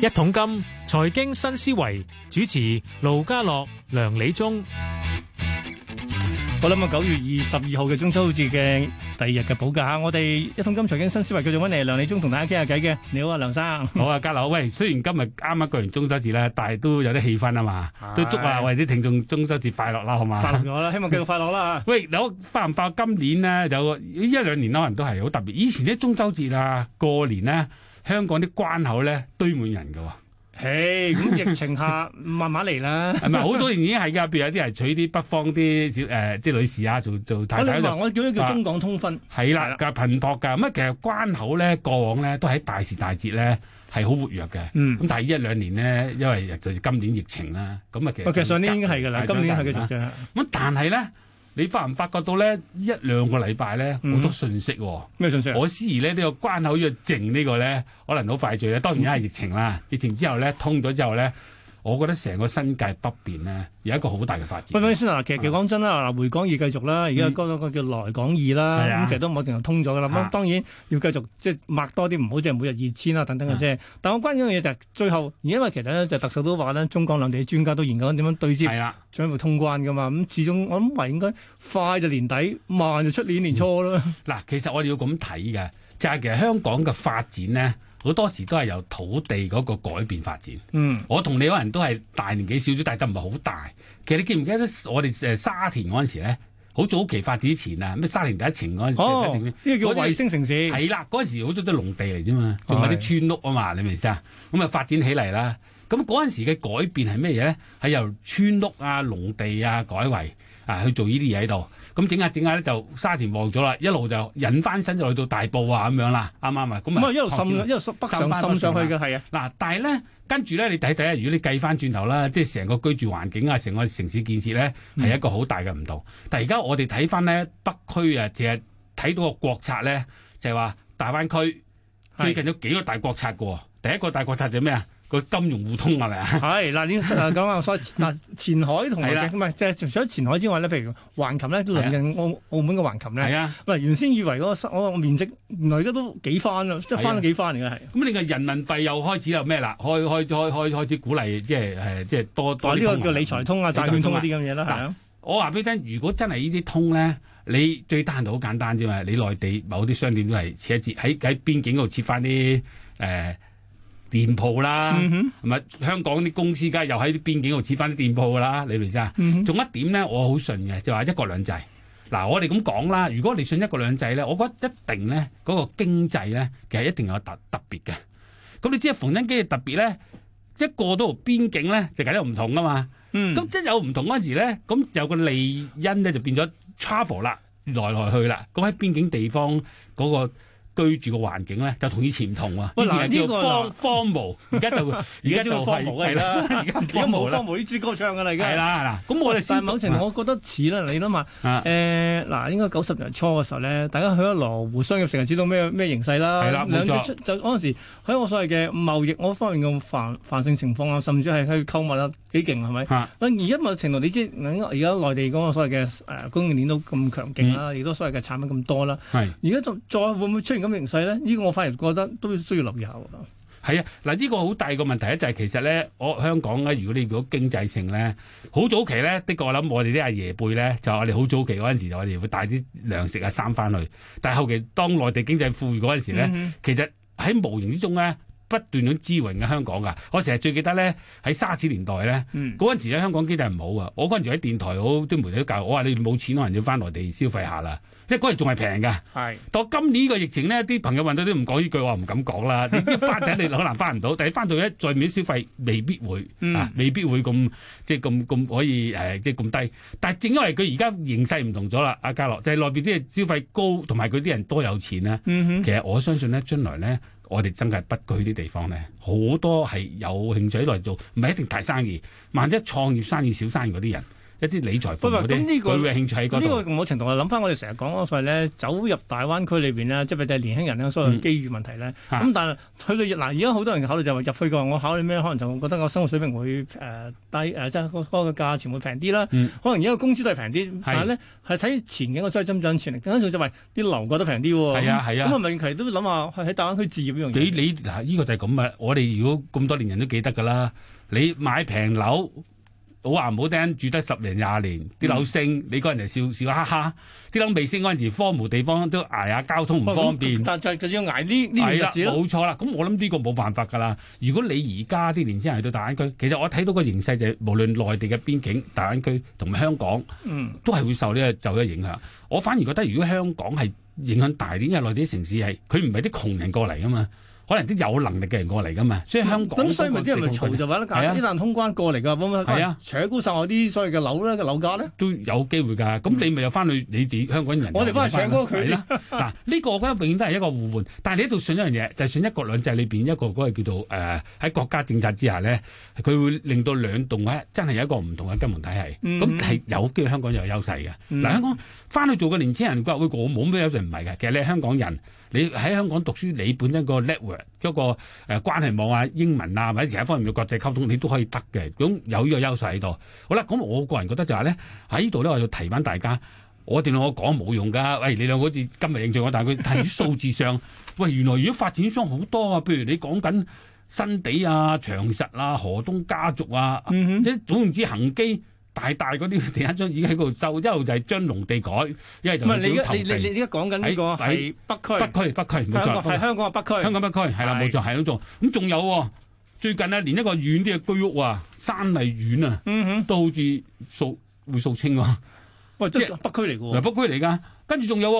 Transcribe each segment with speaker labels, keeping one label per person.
Speaker 1: 一桶金財經新思維主持盧家樂梁理中，我諗啊九月二十二號嘅中秋節嘅第二日嘅補假，我哋一桶金財經新思維繼續揾嚟梁理中
Speaker 2: 同大家傾下偈嘅，你好啊，梁生，好啊，家樂，喂，雖然今日啱啱過完中秋節啦，但係都有啲氣氛啊嘛，是都祝啊我哋啲聽眾中秋節快樂啦，好嘛，快樂咗啦，希望繼續快樂啦。喂，嗱，化唔化今年呢，有一,一兩年可能都係好特別，以前啲中秋節啊，過年呢。香港啲關口咧堆滿人噶喎，嘿，咁疫情下 慢慢嚟啦是不是。係咪好多年已經係噶？譬如有啲係娶啲北方啲小誒啲、呃、女士啊，做做太太喺我，我叫都叫中港通婚，係啦、啊，噶、啊啊、頻撲噶。咁啊，其實關口咧，過往咧都喺大時大節咧係好活躍嘅。咁、嗯、但係呢一兩年咧，因為就今年疫情啦，咁啊其實大大。其實上年應該係噶啦，今年係繼續咁但係咧。你發唔發覺到咧？一兩個禮拜咧，好多信息喎、嗯。咩信息，哦信息啊？我思疑咧呢個關口要靜呢個咧，可能好快聚咧。當然而家係疫情啦，疫情之後咧，通咗之後咧。我覺得成個新界北邊呢，有一個好大嘅發展。等等先啊，其實其實講真啦，嗱、啊、回港易繼續啦，
Speaker 1: 而家嗰個叫來港易啦，咁、嗯、其實都唔可以叫通咗噶啦。咁、啊、當然要繼續即係擘多啲，唔好即係每日二千啦等等嘅啫。啊、但我關注嘅嘢就係最後，因為其實呢，就是、特首都話呢，中港兩地嘅專家都研究緊點樣對接，點樣、啊、會通關噶嘛。咁始終我諗唔係應該快就
Speaker 2: 年底，慢就出年年初啦。嗱、嗯，其實我哋要咁睇嘅，就係、是、其實香港嘅發展呢。好多時都係由土地嗰個改變發展。嗯，我同你嗰人都係大年紀少少，但係都唔係好大。其實你記唔記得我哋沙田嗰陣時咧，好早期發展之前啊，咩沙田第一城嗰陣時，呢個叫衛星城市。係啦，嗰陣時好多都農地嚟啫嘛，仲有啲村屋啊嘛，你明唔明啊？咁啊發展起嚟啦，咁嗰陣時嘅改變係咩嘢咧？係由村屋啊、農地啊改為啊去做呢啲嘢喺度。咁整下整下咧就沙田旺咗啦，一路就引翻身就去到大埔啊咁樣啦，啱啱啊？咁啊是一路滲，一路北上滲上去嘅，係啊的。嗱的，但係咧，跟住咧，你睇睇啊，如果你計翻轉頭啦，即係成個居住環境啊，成個城市建設咧，係一個好大嘅唔同。嗯、但而家我哋睇翻咧北區啊，其實睇到個國策咧，就係、是、話大灣區最近有幾個大國策嘅喎。的第一個大國策就係咩啊？金融互通係咪啊？係嗱，你，咁啊，所以嗱，
Speaker 1: 前海同唔同？唔係即係除咗前海之外咧，譬如橫琴咧，都臨近澳澳門嘅橫琴咧。係啊，唔係原先以為嗰個我面積原來而家都幾翻啦，即係翻咗幾
Speaker 2: 翻嚟嘅係。咁你嘅人民幣又開始有咩啦？開開開開開始鼓勵，即係誒，即係多多啲呢個叫理財通啊，債券通嗰啲咁嘢啦。係啊，我話俾你聽，如果真係呢啲通咧，你最單到好簡單啫嘛。你內地某啲商店都係設一設喺喺邊境度設翻啲誒店鋪啦，同埋香港啲公司梗係又喺邊境度設翻啲店鋪噶啦，你明唔明先？仲一點咧，我好信嘅就話一國兩制。嗱，我哋咁講啦，如果你信一國兩制咧，我覺得一定咧嗰個經濟咧，其實一定有特特別嘅。咁你知啊，縫紉機嘅特別咧，一過到邊境咧就梗係唔同噶嘛。咁即係有唔同嗰陣時咧，咁有個利因咧就變咗 travel 啦，來來去啦。咁喺邊境地方嗰個居住嘅環境咧，就同以前唔同啊！以前叫荒荒無，而家就而家呢就係啦，而家無荒無，
Speaker 1: 每支歌唱噶啦，而家係啦，咁我哋但某程度，我覺得似啦，你諗下，誒嗱，應該九十年初嘅時候咧，大家去咗羅湖商業城係知道咩咩形勢啦。係啦，冇錯。兩隻出就嗰陣時喺我所謂嘅貿易嗰方面嘅繁繁盛情況啊，甚至係去購物啊幾勁係咪？啊！而家某程度，你知而家內地嗰個所謂嘅誒供應鏈都咁強勁啦，亦都所謂嘅產品咁多啦。係。而家再會唔會出現？咁形勢咧，依、呢個我反而覺得都需要留意下。
Speaker 2: 係啊，嗱，呢個好大個問題咧、就係，就係其實咧，我香港咧，如果你如果經濟性咧，好早期咧，的確我諗我哋啲阿爺輩咧，就我哋好早期嗰陣時，就我哋會帶啲糧食啊、衫翻去。但係後期當內地經濟富裕嗰陣時咧，嗯、哼其實喺無形之中咧，不斷咁支援緊香港噶。我成日最記得咧，喺沙士年代咧，嗰陣、嗯、時咧香港經濟唔好啊。我嗰陣時喺電台好啲媒體都教我話你冇錢可能要翻內地消費下啦。即係嗰日仲係平㗎，到是今年個疫情咧，啲朋友問到都唔講呢句話，唔敢講啦。你知翻抵你可能翻唔到，但係翻到再面消費未必會、嗯、啊，未必會咁即係咁咁可以誒，即係咁低。但係正因為佢而家形勢唔同咗啦，阿家樂就係、是、內邊啲消費高，同埋佢啲人多有錢啦。嗯、哼其實我相信咧，將來咧，我哋真係不居啲地方咧，好多係有興趣喺度做，唔係一定大生意。萬一創業生意、小生意嗰啲人。一啲理財，是不咁呢、呢個佢嘅興趣呢個冇程度
Speaker 1: 啊，諗翻我哋成日講所謂咧，走入大灣區裏面，呢即係特別年輕人所有機遇問題咧。咁、嗯嗯啊、但係去到，嗱，而家好多人考慮就係入去嘅話，我考慮咩可能就覺得我生活水平會誒低、呃呃呃，即係嗰個價錢會平啲啦。嗯、可能而家嘅工資都係平啲，是但係咧係睇前景所謂增長潛力。更進就係啲樓覺得平啲喎。係啊係啊。咁
Speaker 2: 啊問題都諗下，係喺、嗯啊、大灣區置業呢樣嘢。你你嗱，呢、呢個就係咁啊！我哋如果咁多年人都記得㗎啦，你買平樓。好話唔好聽，住得十零廿年，啲樓升，嗯、你嗰陣嚟笑笑哈哈；啲樓未升嗰陣時，荒無荒蕪地方都捱下、哎，交通唔方便。嗯、但係就要捱呢呢冇錯啦，咁、哎、我諗呢個冇辦法㗎啦。如果你而家啲年輕人去到大灣區，其實我睇到個形勢就係、是，無論內地嘅邊境大灣區同埋香港，嗯、都係會受呢個就嘅影響。我反而覺得，如果香港係影響大啲，因為內地城市係佢唔係啲窮人過嚟㗎嘛。可能啲有能力嘅人過嚟噶嘛，所以香港咁所以咪即係咪嘈就話得噶？一人、啊、通關過嚟噶，
Speaker 1: 咁樣、啊、
Speaker 2: 扯高晒我啲所謂嘅樓咧，嗰個樓價咧都有機會噶。咁你咪又翻去、嗯、你哋香港人，我哋翻去扯高佢。嗱呢個我覺得永遠都係一個互換，但係你喺度信一樣嘢，就係、是、信一國兩制裏邊一個嗰個叫做誒喺國家政策之下咧，佢會令到兩棟咧真係有一個唔同嘅金融體系。咁係、嗯、有機會香港有、嗯，香港有優勢嘅。嗱，香港翻去做嘅年青人，佢我冇咩優勢唔係嘅。其實你係香港人。你喺香港讀書，你本身個 network，一個誒關係網啊、英文啊，或者其他方面嘅國際溝通，你都可以得嘅。咁有呢個優勢喺度。好啦，咁我個人覺得就話咧喺呢度咧，我就提翻大家，我點解我講冇用㗎？喂，你兩個好似今日認錯我，但係佢睇啲數字上 喂，原來如果發展商好多啊，譬如你講緊新地啊、長實啊、河東家族啊，嗯、哼即係總言之，恆基。大大嗰啲地產商已經喺度收，一路就係將農地改，一係就叫土地你而家講緊喺北區。北區北區區，係錯香,香港北區。香港北區係啦，冇錯是，係咁做。咁仲是有最近咧，連一個遠啲嘅居屋啊，山麗苑啊，嗯、哼都好似數會數清喎。喂，即係北區嚟嘅。北區嚟噶。跟住仲有，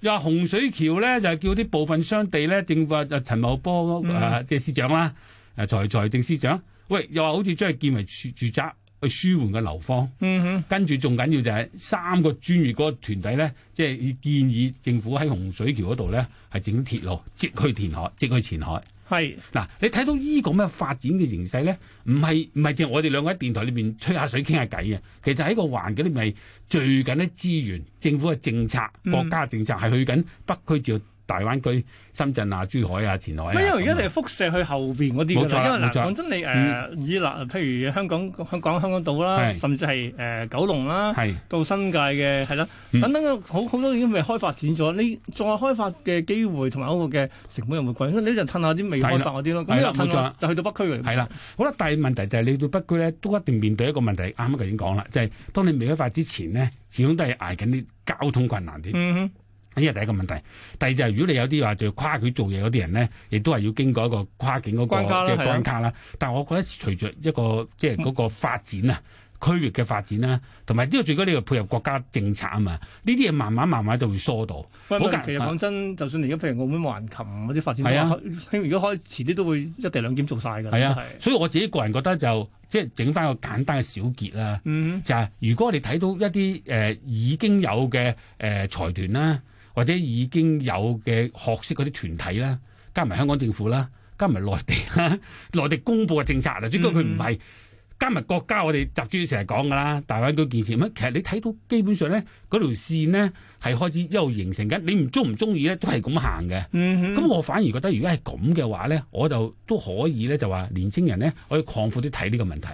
Speaker 2: 又話洪水橋咧，就係叫啲部分商地咧，政府啊陳茂波啊，即係司長啦、啊，誒財財政司長，喂，又話好似將佢建為住宅。去舒緩嘅流方，嗯、哼跟住仲緊要就係三個專業嗰個團體咧，即、就、係、是、建議政府喺洪水橋嗰度咧係整鐵路直去填海，即去前海。係嗱是，你睇到依個咩發展嘅形勢咧？唔係唔係，淨係我哋兩個喺電台裏面吹下水傾下偈嘅。其實喺個環境裏面，最緊啲資源、政府嘅政策、國家政策係去緊北區住。大灣區、深圳啊、珠海啊、前海，因為而家你係
Speaker 1: 輻射去後邊嗰啲嘅，嗱講真你誒以啦，譬如香港、香港、香港島啦，甚至係誒九龍啦，到新界嘅係啦，等等嘅好好多已經未開發展咗，你再開發嘅機會同埋嗰個嘅成本又會貴，所以你就
Speaker 2: 褪下啲未開發嗰啲咯，咁就去到北區嚟。係啦，好啦，但係問題就係你到北區咧，都一定面對一個問題，啱啱頭已經講啦，就係當你未開發之前呢，始終都係捱緊啲交通困難啲。嗯哼。呢個第一個問題，第二就係如果你有啲話做跨區做嘢嗰啲人咧，亦都係要經過一個跨境嗰、那個嘅關卡啦。卡啦的但係我覺得隨着一個即係嗰個發展啊， 區域嘅發展啦、啊，同埋呢個最緊你要配合國家政策啊嘛，呢啲嘢慢慢慢慢就會疏導。唔，其實講真，啊、就算
Speaker 1: 而家譬如澳門環琴嗰啲發展，係啊的，如果家開前啲都會一地兩檢做晒
Speaker 2: 㗎。係啊的，所以我自己個人覺得就即係、就是、整翻個簡單嘅小結啦。嗯、就係如果我哋睇到一啲誒、呃、已經有嘅誒、呃、財團啦、啊。或者已經有嘅學識嗰啲團體啦，加埋香港政府啦，加埋內地，內地公布嘅政策啊，主要佢唔係加埋國家，我哋集資成日講噶啦，大灣區件事。咁，其實你睇到基本上咧，嗰條線咧係開始一路形成緊，你唔中唔中意咧都係咁行嘅。咁、嗯嗯、我反而覺得如果係咁嘅話咧，我就都可以咧就話年青人咧可以擴闊啲睇呢個問題，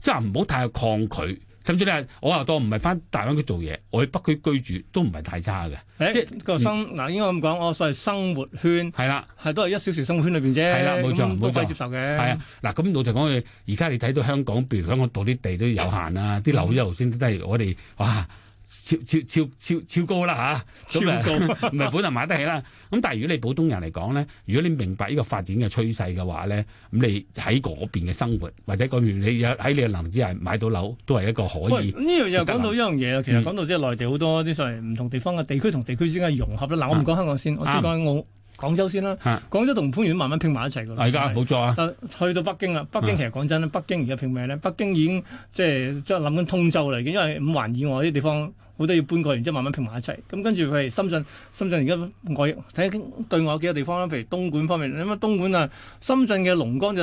Speaker 2: 即係唔好太抗拒。甚至咧，我又當唔係翻大灣區做嘢，我去北區居住都唔係太差嘅。誒、欸，
Speaker 1: 個生嗱，嗯、應該咁講，我所謂生活圈係啦，係的都係一小時生活
Speaker 2: 圈裏邊啫。係啦，冇錯，唔錯，都可以接受嘅。係啊，嗱，咁我就講嘅，而家你睇到香港，譬如香港度啲地都有限啊，啲樓一路先都係我哋哇。超超超超超高啦嚇，超高唔係 本就買得起啦。咁但係如果你普通人嚟講咧，如果你明白呢個發展嘅趨勢嘅話咧，咁你喺嗰邊嘅生活或者嗰邊你喺你嘅能力之下買到樓都係一個可以。
Speaker 1: 呢樣嘢講到呢樣嘢其實講到即係內地好多啲所謂唔同地方嘅地區同地區之間融合啦。嗱，我唔講香港先，嗯、我先講澳。廣州先啦，啊，廣州同番禺慢慢拼埋一齊噶啦。係噶的，冇錯是啊。去到北京啦，北京其實講真，的北京而家拼咩咧？北京已經即係將諗緊通州嚟嘅，因為五環以外啲地方好多要搬過去，然之後慢慢拼埋一齊。咁跟住佢係深圳，深圳而家外睇對外有幾個地方啦，譬如東莞方面，咁啊東莞啊，深圳嘅龍崗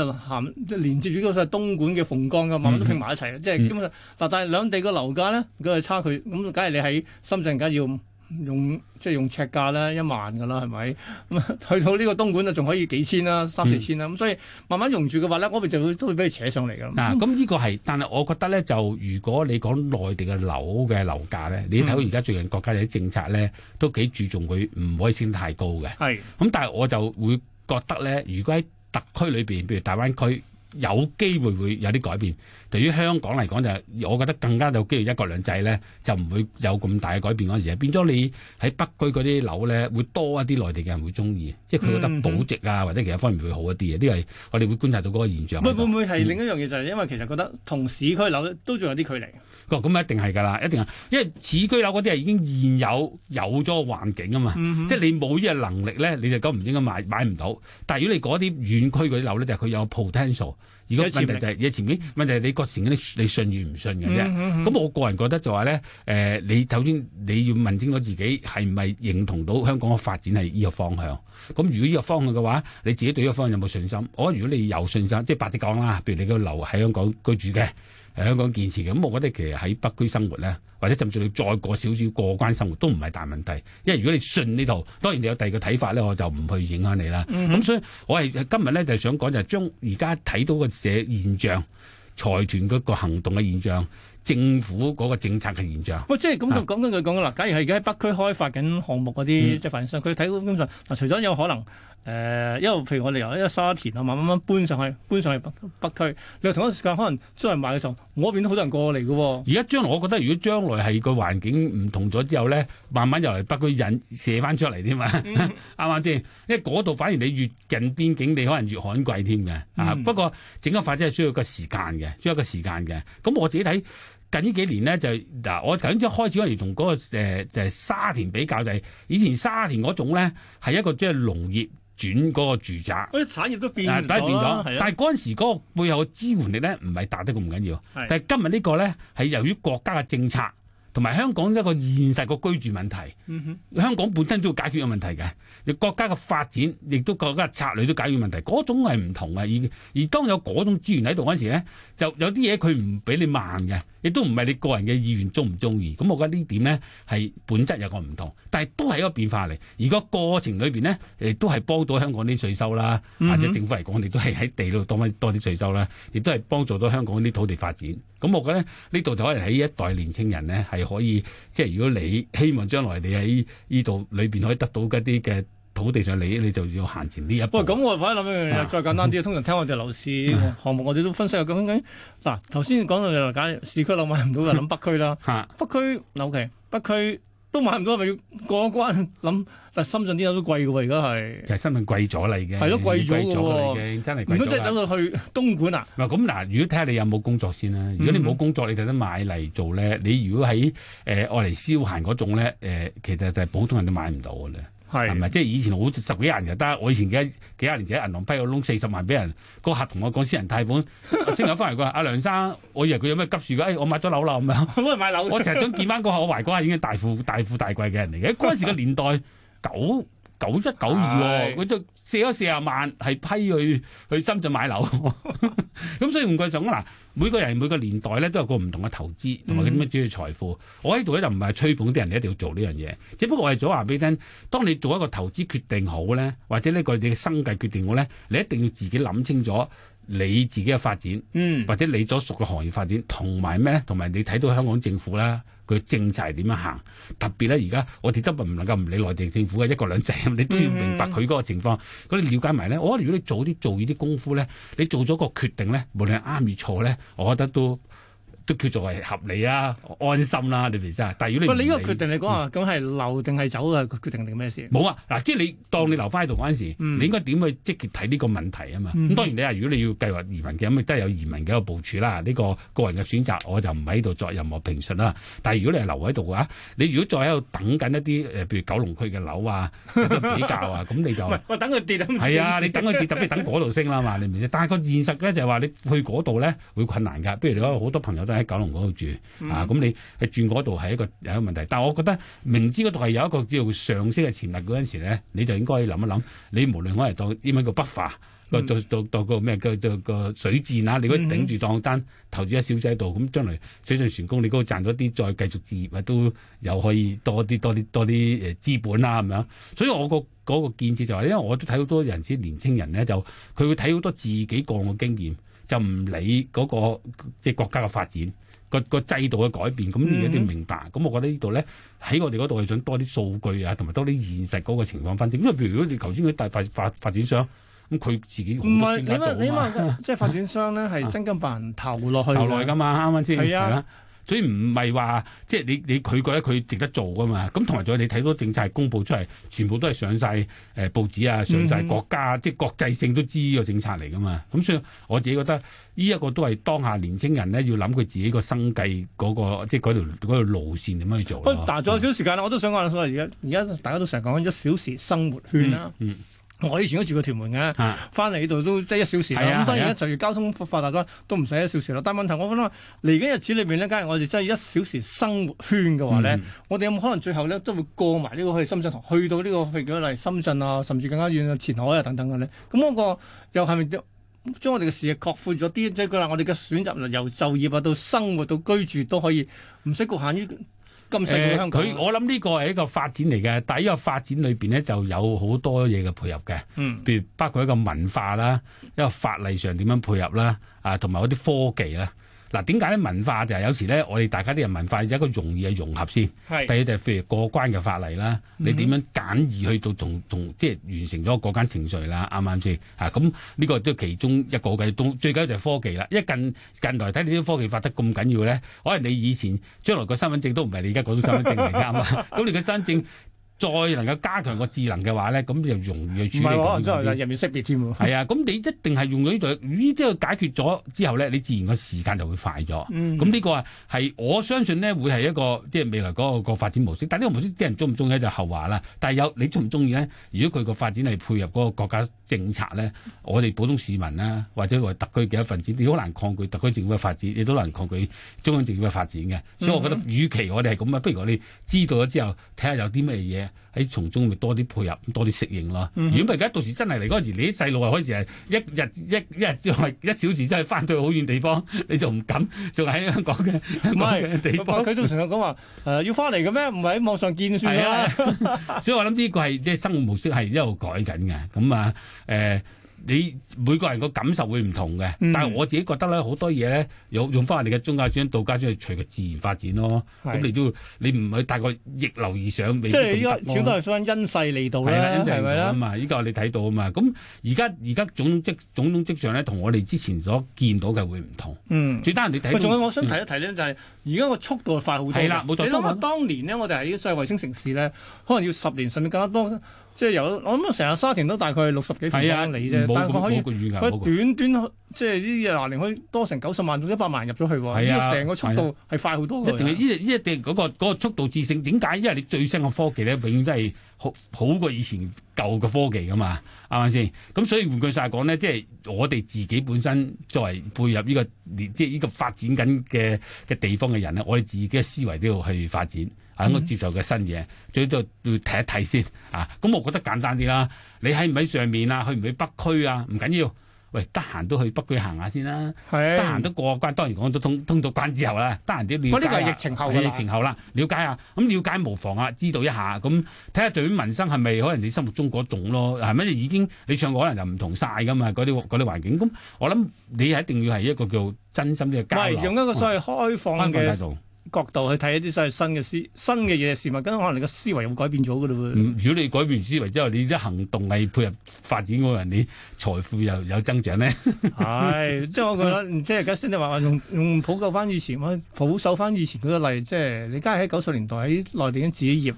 Speaker 1: 就連接住嗰個東莞嘅鳳崗，咁慢慢都拼埋一齊。嗯、即係基本上，但係兩地嘅樓價咧，個差距咁，梗係你喺深圳梗係要。用即係用尺價啦，一萬噶啦，係咪？咁去到呢個東莞啊，仲可以幾千啦，三四千啦。咁、嗯、所以慢慢融住嘅話咧，我哋就會都會俾佢扯上嚟噶啦。嗱、
Speaker 2: 啊，咁呢個係，嗯、但係我覺得咧，就如果你講內地嘅樓嘅樓價咧，你睇到而家最近國家啲政策咧，都幾注重佢唔可以升太高嘅。係是。咁但係我就會覺得咧，如果喺特區裏邊，譬如大灣區，有機會會有啲改變。對於香港嚟講，就係我覺得更加有機會一國兩制咧，就唔會有咁大嘅改變嗰陣時候，變咗你喺北區嗰啲樓咧，會多一啲內地嘅人會中意，即係佢覺得保值啊，或者其他方面會好一啲嘅。呢個係我哋會觀察到嗰個現象。會唔
Speaker 1: 會係另一樣嘢就係因為其實覺得
Speaker 2: 同市區樓都仲有啲距離？咁、嗯、一定係㗎啦，一定係，因為市區樓嗰啲係已經現有有咗環境啊嘛，嗯、哼即係你冇呢個能力咧，你就噉唔應該買買唔到。但係如果你嗰啲遠區嗰啲樓咧，就係佢有 potential。如果問題就係嘢前面景問題，你覺前你信與唔信嘅啫。咁、嗯、我個人覺得就話咧，誒、呃，你首先你要問清楚自己係唔係認同到香港嘅發展係呢個方向。咁如果呢個方向嘅話，你自己對呢個方向有冇信心？我覺得如果你有信心，即係白啲講啦，譬如你都留喺香港居住嘅。香港建設嘅，咁我覺得其實喺北區生活咧，或者甚至你再過少少過關生活都唔係大問題，因為如果你信呢套，當然你有第二個睇法咧，我就唔去影響你啦。咁、嗯、哼所以，我係今日咧就想講，就係將而家睇到嘅社現象、財團嗰個行動嘅現象、政府嗰個政策嘅現象。
Speaker 1: 喂、嗯，嗯、即係咁講緊佢講緊啦。假如係而家喺北區開發緊項目嗰啲即發展商佢睇到基本上嗱，除咗有可能。誒、呃，因為譬如我哋由因為沙田啊，慢慢慢搬上去，搬上去北北區，你話同一時間可能將嚟買嘅時候，
Speaker 2: 我嗰邊都好多人過嚟嘅，哦。而家將來，我覺得如果將來係個環境唔同咗之後咧，慢慢又嚟北區引射翻出嚟添嘛，啱唔啱先？ 因為嗰度反而你越近邊境，你可能越罕貴添嘅。嗯、啊，不過整個發展係需要一個時間嘅，需要一個時間嘅。咁我自己睇近呢幾年咧，就嗱，我頭先一開始嗰陣同嗰個，呃、就係，是，沙田比較，就係，是，以前沙田嗰種咧係一個即係農業。轉嗰個住宅，嗰
Speaker 1: 啲產業都變咗，咗了。是的但係
Speaker 2: 嗰陣時嗰個背後嘅支援力咧，唔係大得咁緊要。是的但係今日呢個咧，係由於國家嘅政策同埋香港一個現實嘅居住問題。嗯、哼香港本身都要解決個問題嘅，你國家嘅發展亦都國家嘅策略都解決問題，嗰種係唔同嘅。而而當有嗰種資源喺度嗰陣時咧，就有啲嘢佢唔俾你慢嘅。亦都唔係你個人嘅意願中唔中意。咁我覺得呢點呢點咧係本質有個唔同，但係都係一個變化嚟。而個過程裏邊咧，誒都係幫到香港啲稅收啦，或者政府嚟講，你都係喺地度多翻多啲稅收啦，亦都係幫助到香港啲土地發展。咁我覺得呢度就可以喺一代年青人咧係可以，即係如果你希望將來你喺呢度裏邊可以得到一啲嘅。土地上利你，你就要行前呢一步。喂，咁我反一
Speaker 1: 諗一樣嘢，啊、再簡單啲。嗯、通常聽我哋樓市項目，我哋都分析下究竟。嗱、啊，頭先講到就講市區樓買唔到，就諗北區啦。吓、啊、北區樓期，okay, 北區都買唔到，咪要過一關諗。但深圳啲樓都貴噶喎，而家係。其
Speaker 2: 實深圳貴咗嚟嘅。係咯，貴咗嘅已經真係。如果真係走到去東莞啦。嗱咁嗱，如果睇下你有冇工作先啦。如果你冇工作，你就得買嚟做咧，你如果喺誒愛嚟消閒嗰種咧，誒、呃，其實就係普通人都買唔到嘅咧。係咪即係以前好似十幾人就得？我以前幾幾廿年前喺銀行批、個窿四十萬俾人個合同，我講私人貸款 先有翻嚟個。阿梁生，我以為佢有咩急事㗎？誒、哎，我買咗樓啦，咁樣。我成日想見翻個我懷過已經大富大富大貴嘅人嚟嘅。嗰陣時個年代九九一九二喎，佢就借咗四十萬係批去去深圳買樓。咁 所以唔怪得嗱。每個人每個年代咧都有個唔同嘅投資同埋佢點主要財富，我喺度咧就唔係吹捧啲人一定要做呢樣嘢，只不過我係想話俾你聽，當你做一個投資決定好咧，或者呢個你嘅生計決定好咧，你一定要自己諗清楚你自己嘅發展，嗯，或者你所屬嘅行業發展，同埋咩咧，同埋你睇到香港政府啦。佢政策係點樣行？特別咧，而家我哋都唔能夠唔理內地政府嘅一國兩制。你都要明白佢嗰個情況，咁你、mm hmm. 了解埋咧。我覺得如果你早啲做呢啲功夫咧，你做咗個決定咧，無論係啱與錯咧，我覺得都。都叫做係合理啊，安心啦、啊，你明唔明？但係如果你唔，喂，你個決定嚟講、嗯、啊，咁係留定係走啊？個決定定咩事？冇啊，嗱，即係你當你留翻喺度嗰陣時，嗯、你應該點去積極睇呢個問題啊嘛？咁、嗯、當然你話如果你要計劃移民嘅，咁咪都係有移民嘅一個部署啦。呢、呢個個人嘅選擇，我就唔喺度作任何評述啦。但係如果你係留喺度嘅，你如果再喺度等緊一啲，譬如九龍區嘅樓啊，比較啊，咁 你就，喂，
Speaker 1: 我等佢跌啊，係啊，你等佢跌，不如 等
Speaker 2: 嗰度升啦嘛，你明唔明？但係個現實咧就係話你去嗰度咧會困難㗎，不如你講好多朋友都係喺九龍嗰度住、嗯、啊，咁你去轉嗰度係一個有一個問題，但係我覺得明知嗰度係有一個叫做上升嘅潛力嗰陣時咧，你就應該諗一諗，你無論我係當英文、er, 嗯、個北法，個做做做個咩嘅個個水戰啊，你都頂住檔單，投資喺小仔度，咁將來水上船工你都賺咗啲，再繼續置業啊，都又可以多啲多啲多啲誒資本啦，係咪啊？所以我個、嗰個建設就係、是，因為我都睇好多人，年輕人，年青人咧就佢會睇好多自己個嘅經驗。就唔理嗰個即係國家嘅發展，個、個制度嘅改變，咁而家都明白。咁我覺得這裡呢度咧，喺我哋嗰度係想多啲數據啊，同埋多啲現實嗰個情況分析。因為譬如果你頭先嗰大發發發展商，咁佢自己唔係你問你問個
Speaker 1: 即係發展商咧係真金白銀
Speaker 2: 投落去投落去㗎嘛，啱啱先係啊？所以唔係話即係你你佢覺得佢值得做噶嘛。咁同埋仲有你睇到政策公布出嚟，全部都係上晒誒報紙啊，上晒國家、啊，嗯、即係國際性都知呢個政策嚟噶嘛？咁所以我自己覺得呢一個都係當下年青人咧要諗佢自己個生計嗰、嗰個即係嗰條，條路線點樣去做。不過
Speaker 1: 仲有少時間啦，嗯、我都想講下，而家而家大家都成日講緊一小時生活圈啦。嗯啊嗯
Speaker 2: 我以前都住過屯門嘅，
Speaker 1: 翻嚟呢度都即係一小時。咁當然就業交通發達咗，都唔使一小時啦。但係問題我諗，我覺得嚟緊日子裏面呢假如我哋真係一小時生活圈嘅話呢，嗯、我哋有冇可能最後呢都會過埋呢個去深圳同去到呢、呢個譬如舉個例深圳啊，甚至更加遠嘅前海啊等等嘅呢？咁嗰個又係咪將我哋嘅視野擴闊咗啲？即係佢話我哋嘅選擇由就業啊到生活到居住都可以，唔使局限於。誒、佢、呃、我
Speaker 2: 諗呢個係一個發展嚟嘅，但係呢個發展裏邊咧就有好多嘢嘅配合嘅，嗯，譬如包括一個文化啦，一個法例上點樣配合啦，啊，同埋嗰啲科技啦。嗱，點解咧文化呢就係、是、有時咧，我哋大家啲人文化有一個容易嘅融合先，是第一就係譬如過關嘅法例啦，嗯、你點樣簡易去到從從即係完成咗嗰間程序啦，啱唔啱先？咁、啊、呢個都係其中一個嘅，都最緊要就係科技啦。因為近近來睇你啲科技發得咁緊要咧，可能你以前將來個身份證都唔係你而家嗰種身份證嚟㗎嘛，咁你個身證。再能夠加強個智能嘅話咧，咁就容易去處理咁多啲。唔添啊，咁 你一定係用咗呢度，呢啲解決咗之後咧，你自然個時間就會快咗。咁呢、嗯、哼個係我相信咧，會係一個即係未來嗰個個發展模式。但呢個模式啲人中唔中意就後話啦。但有你中唔中意咧？如果佢個發展係配合嗰個國家政策咧，我哋普通市民啦、啊，或者特區嘅一份子，你好難抗拒特區政府嘅發展，你都難抗拒中央政府嘅發展嘅。所以，我覺得，與其我哋係咁啊，不如我哋知道咗之後，睇下有啲咩嘢。喺從中咪多啲配合，多啲適應咯。嗯、哼如果唔係，而家到時真係嚟嗰陣時，你啲細路啊，開始係一日一一日即係一小時即係翻到去好遠的地方，你就唔敢？仲喺
Speaker 1: 香港嘅唔係地方。佢都成日講話誒，要翻嚟嘅咩？唔係喺網上見的算
Speaker 2: 啦、啊。所以我諗呢個，啲、這個、生活模式係一路改緊嘅。咁啊誒。呃你每個人個感受會唔同嘅，嗯、但係我自己覺得咧，好多嘢咧，用用翻我哋嘅中介商、道家商去隨佢自然發展咯。咁是你都你唔去大概逆流而上，即係因為少數係想因勢利導咧，係咪啊？嘛，依個你睇到啊嘛。咁而家而家種種跡種種跡象咧，同我哋之前所見到嘅會唔同。嗯，最得人哋睇。仲、嗯、有我想提一
Speaker 1: 提咧，嗯、就係而家個速度快好多嘅。係啦，冇錯。你諗下，
Speaker 2: 當年呢，我哋喺即係衛星城市咧，
Speaker 1: 可能要十年甚至更加多。即係有，我諗成日沙田都大概六十幾平方公里嚟啫。啊、但係可以佢短短即係呢廿年可以多成九十萬到一百萬入咗去喎，呢個成個速度係快好多嘅、啊。一定係
Speaker 2: 一定嗰、嗰個嗰個那個速度致勝，點解？因為你最新嘅科技咧，永遠都係好好過以前舊嘅科技噶嘛，係咪先？咁所以換句話講咧，即係我哋自己本身作為配入呢、這個即係呢個發展緊嘅嘅地方嘅人咧，我哋自己嘅思維都要去發展。我、嗯、接受嘅新嘢，最多要睇一睇先啊！咁我覺得簡單啲啦。你喺唔喺上面啊？去唔去北區啊？唔緊要。喂，得閒都去北區行下先啦。係的。得閒都過關，當然講都通，通到關之後啦。得閒都瞭解下。不呢、啊呢個係疫情後㗎啦。疫情後啦，瞭解下。咁了，了，啊、了解無妨啊，知道一下。咁睇下對於民生係咪可能你心目中嗰種咯？係咪已經你上過可能就唔同晒㗎嘛？嗰啲嗰啲環境。咁我諗你一定要係一個叫真心嘅交流。用一個所謂
Speaker 1: 開放嘅、嗯。開放
Speaker 2: 角度去睇一啲所謂新嘅事新嘅嘢事物，咁可能你個思維又改變咗嘅嘞。如果你改變思維之後，你啲行動係配合發展嗰人，你財富又有增長咧。係 ，
Speaker 1: 即、就、係、係、我覺得， 即係而家先你話話用用補救翻以前，我保守翻以前嗰個例，即係你家下喺九十年代喺內地嘅自己業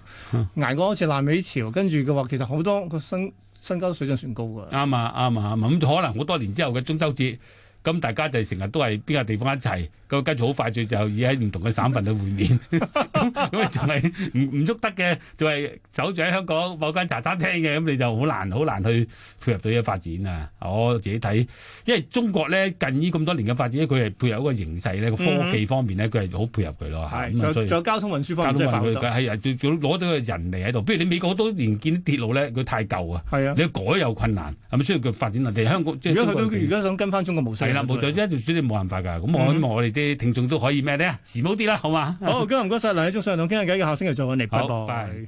Speaker 1: 捱、嗯、過好似爛尾潮，跟住嘅話，其實好多個薪薪金水準算高嘅。啱
Speaker 2: 啊啱啊啱啊！咁、嗯嗯嗯、就可能好多年之後嘅中秋節。咁大家就係成日都係邊個地方一齊，個跟住好快脆就而喺唔同嘅省份度會面，咁咁 就係唔唔喐得嘅，就係走咗喺香港某間茶餐廳嘅，咁你就好難好難去配合到呢個發展啊！我自己睇，因為中國咧近呢咁多年嘅發展，佢係配合一個形勢咧，個科技方面咧，佢係好配合佢咯嚇。係。就就交通運輸方面，交通發佢係攞到個人嚟喺度，不如你美國好多年建啲鐵路咧，佢太舊啊，你改有困難，係咪所以佢發展慢？但香港即係。而家去
Speaker 1: 想跟翻中國模冇錯，
Speaker 2: 一條船你冇辦法㗎。咁我希望我哋啲聽眾都可以咩呢？時髦啲啦，好嘛？好，
Speaker 1: 今日唔該晒梁理中上堂傾下偈嘅，下星期再揾你，拜
Speaker 2: 拜。